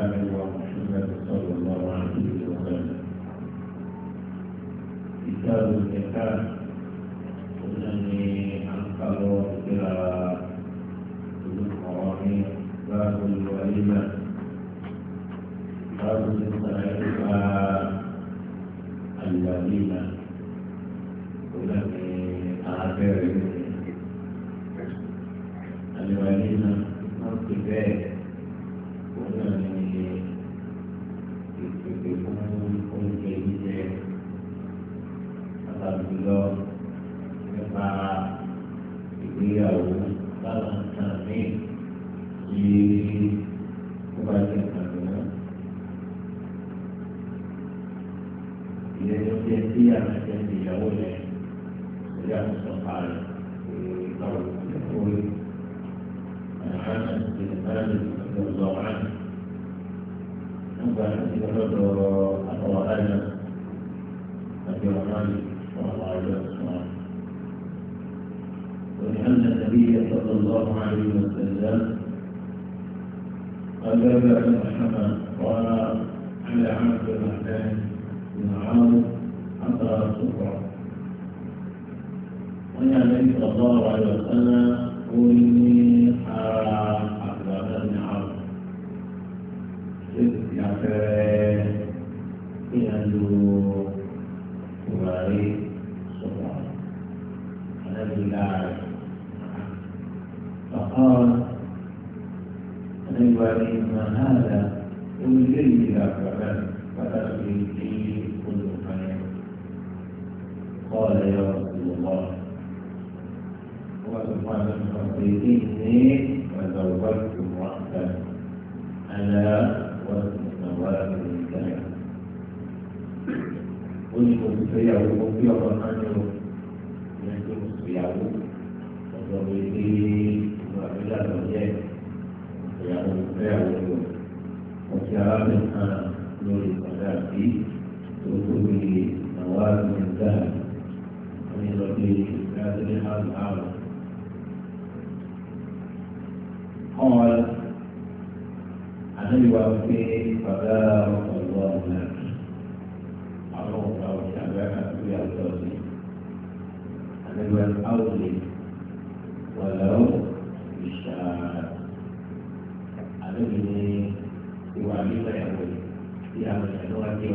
آله ومحمد صلى الله عليه وسلم كتاب الزكاة أنني أنقل إلى القرآن باب الوليمة باب الصلاة الوليمة أنني أعبر gba ìgbà lọ́dọ̀ صلى الله عليه وسلم قال لا محمد قال على عبد الرحمن بن عاصم حتى صفرة ويا صلى الله عليه وسلم قل إني الزواج المؤقت ألا والزواج المدلع onímọ̀ tó fẹ́ yàwó kó bí ọmọ náà ní o ìyẹn tó ń sọ yàwó ọ̀dọ̀ mi ní ìlú àbílẹ̀ àlọ́yẹ ìyàwó fẹ́ yàwó ni o ọ̀sẹ̀ arábìnrin kan lórí ìpàdé àbí tó tóbi àwọn àgbẹ̀ ń dà wọ́n ní lọ́dún ìgbà tó ní àbọ̀ àbọ̀. ànábi wa pé bàbá ọ̀gbọ́n ọ̀gbọ́n náà àwọn ọ̀gá ọ̀gbìn àgbàkà tó yà ọ̀tọ̀ sí ànábi wa áwòlè wàlẹ́wò ìṣà ànábi ní ìwà nígbà ìyàwó tí àwọn ìyàwó wa jẹ́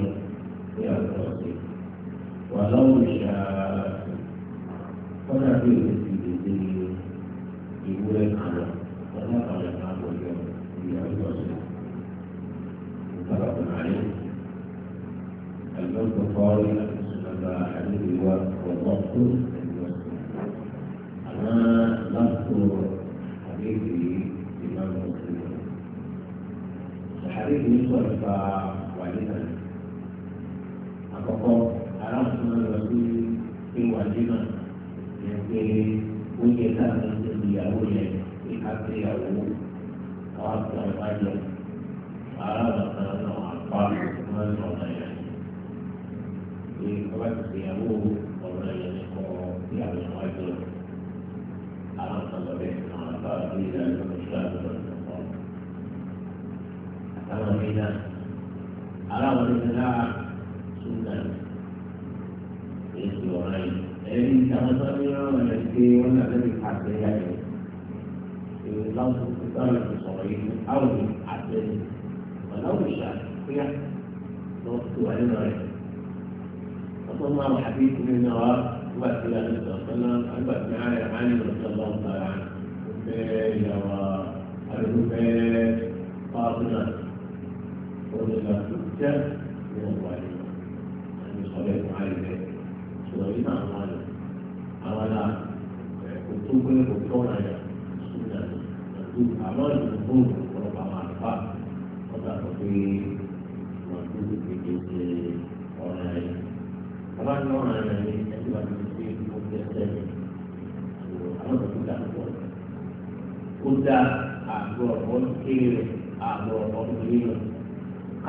tó yà ọ̀tọ̀ sí wàlẹ́wò ìṣà kọ́nà bí òun ti lè ìwúrẹ́ kan lọ. wáyé bàbá àdébíwá ọ̀gbọ́n tó ẹ̀gbọ́n tó. Àwọn lápò àdébí ti máa ń lọ sí wọn. Àdébí ń sọ nípa wàlẹ́ náà. Àkọ́kọ́ arákùnrin lọ sí pé wàlẹ́ náà yẹ pé ó yẹ káàkiri tó di ìyàwó yẹn kí ká pé ìyàwó àwọn àti àwọn ìbájọ. Ará àgbàkan náà apá ìmọ̀ ìmọ̀ náà yẹn. pé ọba ti ṣe ìyàwó ọ̀rọ̀ ẹ̀yẹ nìkan tí àwọn èèyàn wájú rẹ̀ àwọn kan lọ bẹ́ẹ̀ àwọn àbá àbí ìdájọ́ ìṣúra àbúrò ọ̀pọ̀ àtàwọn míì náà ara wọn ní ká súnà èsì ọ̀rọ̀ yìí ẹ̀rí àwọn tó ní ọ̀rọ̀ rẹ̀ pé wọ́n náà lè pàṣẹ yàtọ̀ èyí láwùjọ tó sọ̀rọ̀ ìsọ̀rọ̀ yìí áwùjọ àtẹ̀yìn ọ̀làwùjọ àti pé lọ́ọ́ tó wà nínú rẹ̀. ثم الحديث من نواب وقت لا النبي صلى الله عليه وسلم الوقت معايا علي رضي الله تعالى عنه الزبير وابي الزبير فاطمه وجد سته من الوالده يعني صليت عليه صليت على على كنتم كلكم كونا يا اعمال الظهور وربع معرفات وضع مكتوب في جنس bàbá ní ọ̀rọ̀ rẹ̀ ní ẹ̀jú àti ìdílé ìfowópamọ́ ẹ̀sẹ̀ rẹ̀ àwọn tó dà pọ̀ kó dá àgọ́ ọ̀pọ̀ kékeré rẹ̀ àgọ́ ọ̀pọ̀ kékeré rẹ̀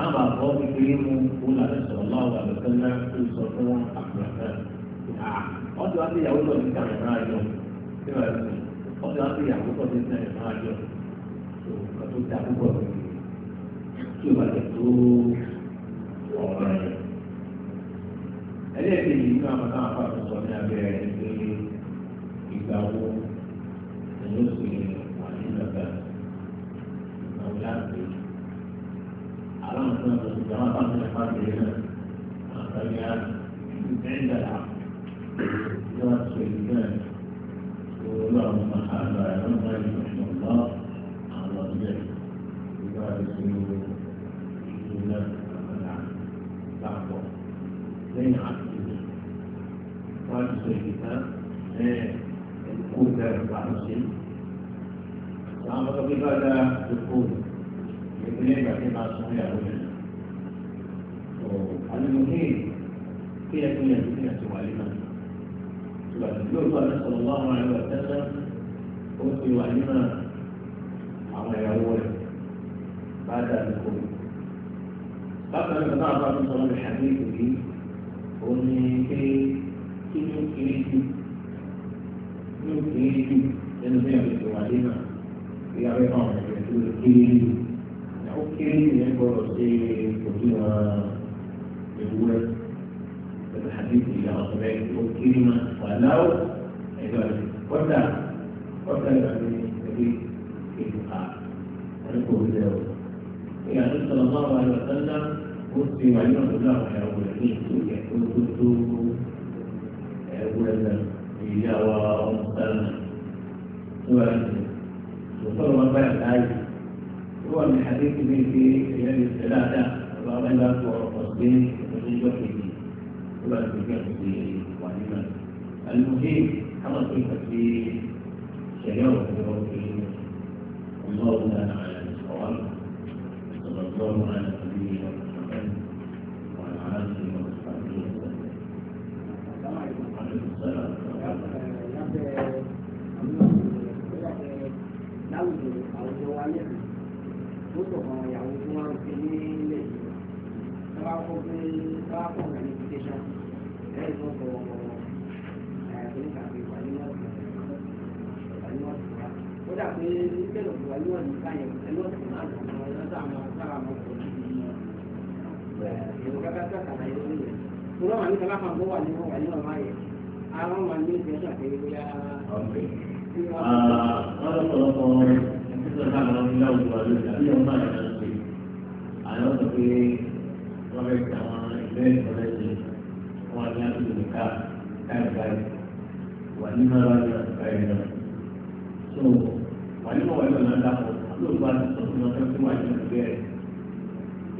àwọn àgọ́ kékeré mu kó làlẹ́ sọ̀rọ̀ láwọn àlùkò ńlá tó sọ fún àpòlọ̀fẹ́ ọ̀dọ̀ àti ìyàwó lọ sí kàmẹ́ náà yọ ọ̀dọ̀ àti ìyàwó lọ sí kàmẹ́ náà yọ tó kàtó dá ẹlẹ́ẹ̀kejì nínú àwọn táwọn afáàtúntò ní abẹ́rẹ́ ìgbà wo lóòótọ́ ní sọ̀rọ̀ wá àwọn ẹ̀rọ tẹ́tẹ́ ó ti wà nínú àwọn ìyàwó rẹ̀ bá dàbí kò. bákan náà náà bá mi sọ lórí àdéhùn yìí ó ní pé kí ló kéré jù kí ló kéré jù nínú bí àwọn ètò wàdé náà kí a fẹ́ fún tó lè kéré jù. ó kéré jù ní gbọ́dọ̀ ṣe òdiwọ̀n ìwúrẹ́. الحديث إلى أصبعك وكلمة ولو ودا ودا يعني في الدعاء ونقول له يا رسول صلى الله عليه وسلم قلت وعلمة الله يا أبو العليم يقول كنت يا أبو العليم إلى ومسلمة وصلوا من بعد الآية هو من حديث من في الثلاثة وغلق وتصديق ولا ترجع في وعلما المهم حرص في شجاعة الله تعالى على الصواب صلى الله عليه kódà pé bẹ́ẹ̀ lọ́wọ́ wáyé wọ̀ nípa yẹn pẹ̀lú ọ̀sán náà lọ́wọ́ lọ́dọ̀ àwọn sára wọn kò ní bí èrò kápá sàkàlà yẹn lórí yẹn. mo lọ́wọ́ àmì sábà kan tó wà ní wọ́n wà ní ọ̀ma yẹn àwọn wà ní ìgbẹ́ sàkàlà bóyá. wọ́n lọ sọ̀rọ̀ kan nígbà táwọn ọmọ ilé àwùjọ wa lóde àbí ọmọ àyàn náà pé àyàn sọ pé wọ́n fẹ́ kan kan kan wani mara da kai da so wani ma wani ma da ko lo ba da so no kan kuma ni be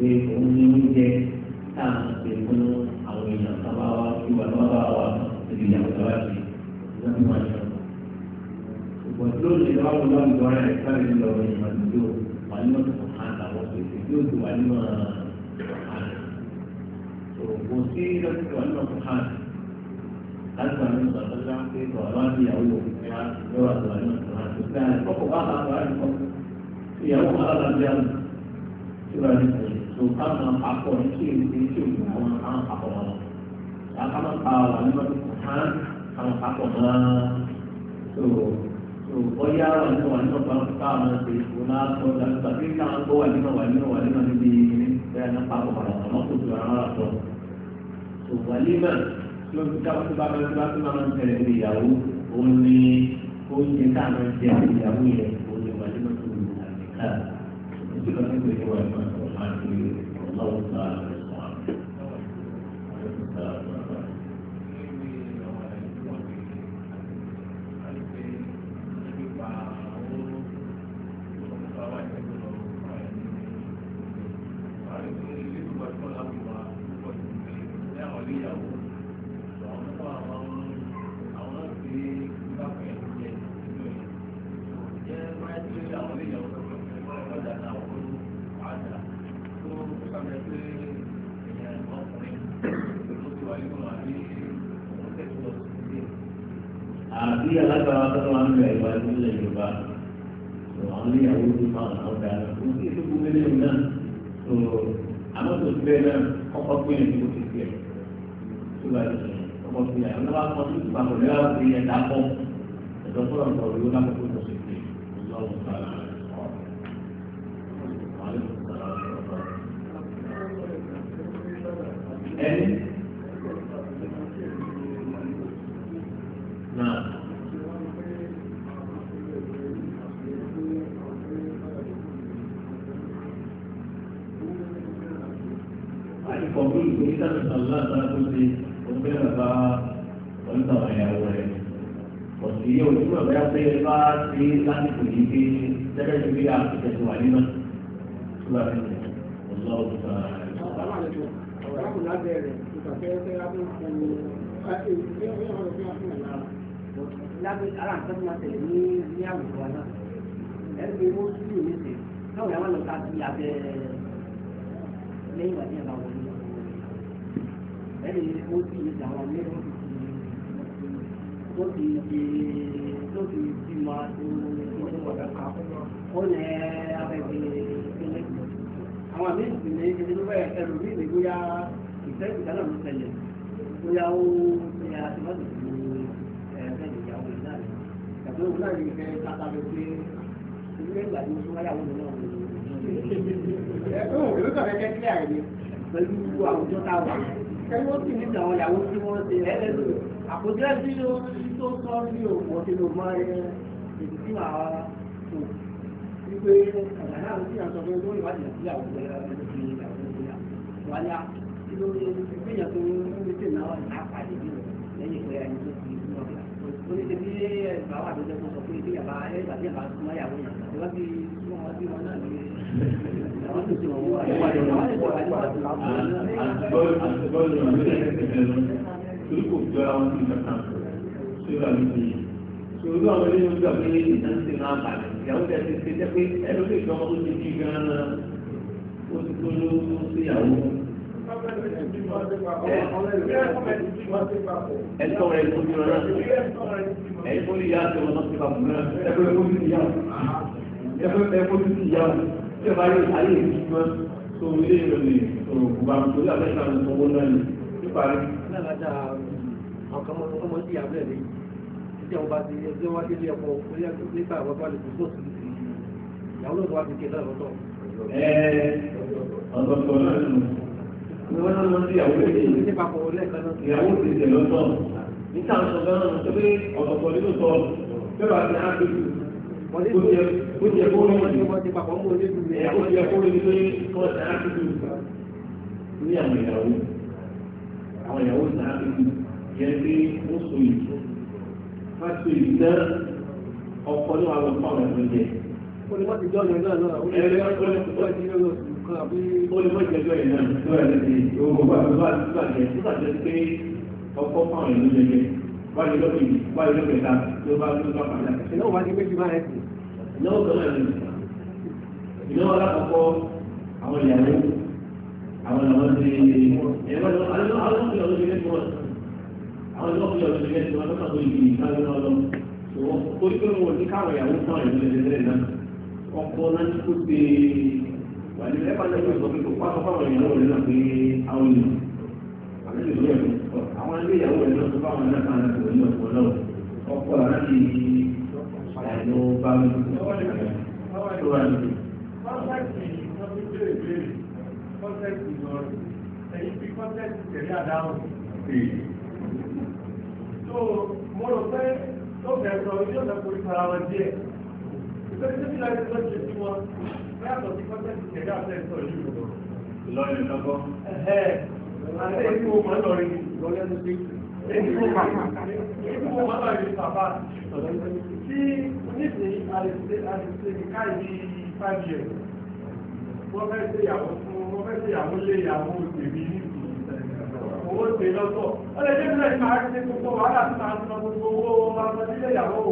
e o ni ni je ta se ko no àwọn èèyàn ta ba wa ki wa ba ba wa ti di ya ta wa ti na ni wa ni ko lo ni da wa lo ni do ra ka ni lo ni ma ni do wani ma ko ha ta wa ti yo tu wani ma ha so ko si da ko wani láti wà nínú bàbá ńlá pé bàbá ní ìyàwó òkùnkùn ya lọ́wọ́ àgbà ní ọ̀sán àti ọ̀sán àti kọ́kọ́ bá bàbá rẹ̀ kọ́ ìyàwó alára bí àmì tí wà ní ìṣẹ̀lẹ̀ tó ká máa papọ̀ ní kí èyí tí kí òkú àwọn àwọn papọ̀ wọn. Àká máa pa wà nínú ọ̀sán àwọn papọ̀ máa tó tó bọ́yá wà nínú wà nínú ọ̀sán ká àwọn ṣe ìfò náà tó dàgbà pé káwọn tó wà nínú wà nínú wà nínú níbi bẹ́ẹ̀ ní papọ̀ lórí ká tó bá lọ sí bá máa ń tẹ̀lé ní ìyàwó òun ni oúnjẹ tá a máa ń jẹ àti ìyàwó yẹn òun ni wàá lọ́wọ́ tó wù àyíká ojú lọ sí pẹ̀lú wà máa tọ̀ máa ń lè ọlọ́wọ́ tó a lọ sọ àwọn Yeah. àbí alágbára tọ́lọ́ wa nílò ẹ̀gbá nílẹ̀ Yorùbá àwọn oníyàwó tó máa ń ọ̀dà kò sí ètò gbogbo ilé ìwé náà tó àmọ́ tó ti bẹ́ẹ̀ náà ọkọ̀ pé ní kò ti tiẹ̀ tó bá ti ọkọ̀ ti yà ọ̀nà wa kọ́ tó ti pàpọ̀ lẹ́wà pé ẹ̀dá pọ̀ ẹ̀dọ́ fọlọ́ ti pọ̀ bí sàlá sáré ṣe òfin bàbá onítàwọn ìyàwó rẹ̀. Ọ̀sìn yóò tí bàbá yà bá ti láti kò ní pé tẹ́lẹ̀ ti rí àtẹ̀tẹ̀ wà nínú. Tó bá ti sè ọ̀sán ọ̀sán sàrà rẹ̀. Àwọn àlejò ọ̀rọ̀ àkùnrin lábẹ́ rẹ̀ ìtàkẹ́rẹ́fẹ́ lábẹ́ ìfọ̀nù láti ara nǹkan tó máa tẹ̀lé ní ní àwùjọ wa náà. Ẹni pé mo sùn ní ìrètè náà yàrá lọ ká sí abẹ́ lẹ́yìn ìgbà tí ẹ bá wọlé ẹni ó ti ìjà wọn lé wọn ti ó ti di tó ti di máa tó ọdún ọ̀dà kan ó lẹ abẹ́gbẹ́ ìpínlẹ̀ àwọn àmì ìpínlẹ̀ ìpínlẹ̀ ló bẹ̀rẹ̀ ẹrù mí ní bóyá ìfẹ́ ìdáná ló tẹ̀lé bóyá ó ṣe àtìmọ́tò fún ẹ̀ẹ́dẹ́gbẹ̀ ìyàwó ìdáná ìgbà tó wù náà ní ìfẹ́ kátábẹ́ pé ilé ìgbà tó súnmọ́ yàwó mi kọ̀ọ̀rẹ́ tó sọ ní òun náà sì yàn pàdé nínú lẹ́yìn ìpẹ́ ẹni tó ti oníṣẹ́ bí ẹ̀gbá wà lójẹ́ tó sọ pé ìgbéyàwó ẹ̀gbá tí ẹ̀gbá súnmọ́ ìyàwó yàn lọ́wọ́ bí wọ́n náà ní não kò jọ àwọn tí ìjọba sóra lóde yìí sórí àwọn ilé ìjọba pé ìdáná ti máa bà ìyàwó tẹ ti ṣe jẹ se ẹni tó ìjọba tó ti di gan ó ti tó Eu não ẹ̀tọ́ rẹ̀ tó ti rán ẹ̀yìn tó lè yá àti ọmọ náà ti bà fún náà ẹgbẹ́ ẹgbẹ́ tó ti yá ẹgbẹ́ ẹgbẹ́ tó ti yá. tí ọba yóò ayé ìdúgbọ́ tó ilé ìlú ní òkúba torí àbẹ́ta náà ní níparí. alága ọkàn ọmọ sí abúlé mi títí àwọn bá ti ẹgbẹ́ wá délé ẹ̀kọ́ orí ẹ̀kọ́ nípa àwọn bá lè náà ìyàwó ti tẹ̀ lọ́tọ̀ papọ̀ mú ojú ìlú rẹ̀. ó yẹ kó lè ní kọ́ sàákìlì ní àwọn ìyàwó àwọn ìyàwó sàákìlì yẹ kí wọ́n so ìlú wọ́n so ìlú náà ọkọ̀ ní àwọn ọmọ àwọn ẹ̀mọ́ jẹ. ó ní wọ́n ti jọ́ ọ̀yàn náà náà ó ní wọ́n ti jọ́ ọkọ̀ fáwọn ìlú jẹjẹ wáyé lọ́pìn wáyé lọ́pìn ta ló bá ló bá padà. ìnáwó wájú méjì máa ń ẹ̀sìn. ìnáwó kan náà ìnáwó alákọ̀ọ́kọ́ àwọn ìyàwó àwọn àwọn ti ẹ̀rọ àwọn ọ̀dọ́ ọ̀dọ́ ilé tó wọ́n àwọn ọ̀dọ́ ọ̀dọ́ ilé tó wọ́n lọ́kàn tó ìdí ìtàgé náà lọ torí pé wọn ò ní káwọn ìyàwó tán ìlú ẹ̀dẹ́gbẹ̀rẹ̀ náà ọkọ̀ náà ti kó pé wà ní ẹ̀fà náà yóò sọ pé kò pátọ́ fáwọn ìyàwó rẹ̀ náà pé àwọn ènìyàn àti ìlú ẹ̀ àwọn ilé ìyàwó rẹ̀ náà tó fáwọn náà kan náà kò ní ọ̀pọ̀ náà ọkọ̀ àti àìlú bá mi tó wà ní kọ́ńtẹ́ẹ̀tì wọ́n ti bèrè bèrè kọ́ńtẹ́ẹ̀tì lọ́rùn ẹ̀yìn fi kọ́ńtẹ́ẹ̀tì tẹ̀lé àdáhùn. tó mo rò pé tó bẹ̀rẹ̀ sọ yóò lọ kó ìfara wọn díẹ̀ ìtọ́jú tó ti láti lọ ṣe sí wọn bẹ́ẹ̀ àtọ̀ sí kọ́ńtẹ́ẹ̀tì tẹ̀lé àtẹ̀sọ̀ yìí lọ́yìn lọ́gọ́. ẹ̀ẹ́ five years wọ́n fẹ́ ṣe ìyàwó fún wọ́n fẹ́ ṣe ìyàwó lé ìyàwó tèmi ní owó tè lọ́tọ̀ ó lè dé bílẹ̀ máa ṣe gbogbo wàhálà tó máa ń san gbogbo owó wọn máa ìyàwó o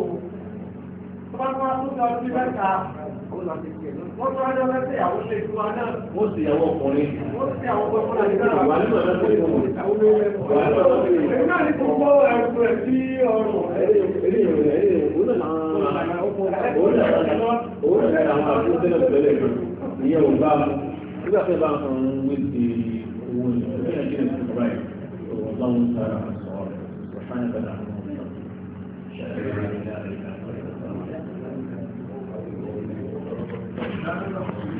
tó bá máa tó san sí mẹ́ta òun fẹ́ àwọn àdúgbò tẹ́lẹ̀ tẹ́lẹ̀ kan ìyẹn ò bá mu nígbà tẹ́ bá ń fọn wí sí owó ní ọ̀rẹ́ ẹ̀jẹ̀ ní ìṣòro báyìí ọ̀rọ̀ bá ń sára sọ̀rọ̀ ṣáà bẹ̀rẹ̀ àwọn ọmọ ìṣàkóso ìdáríkà.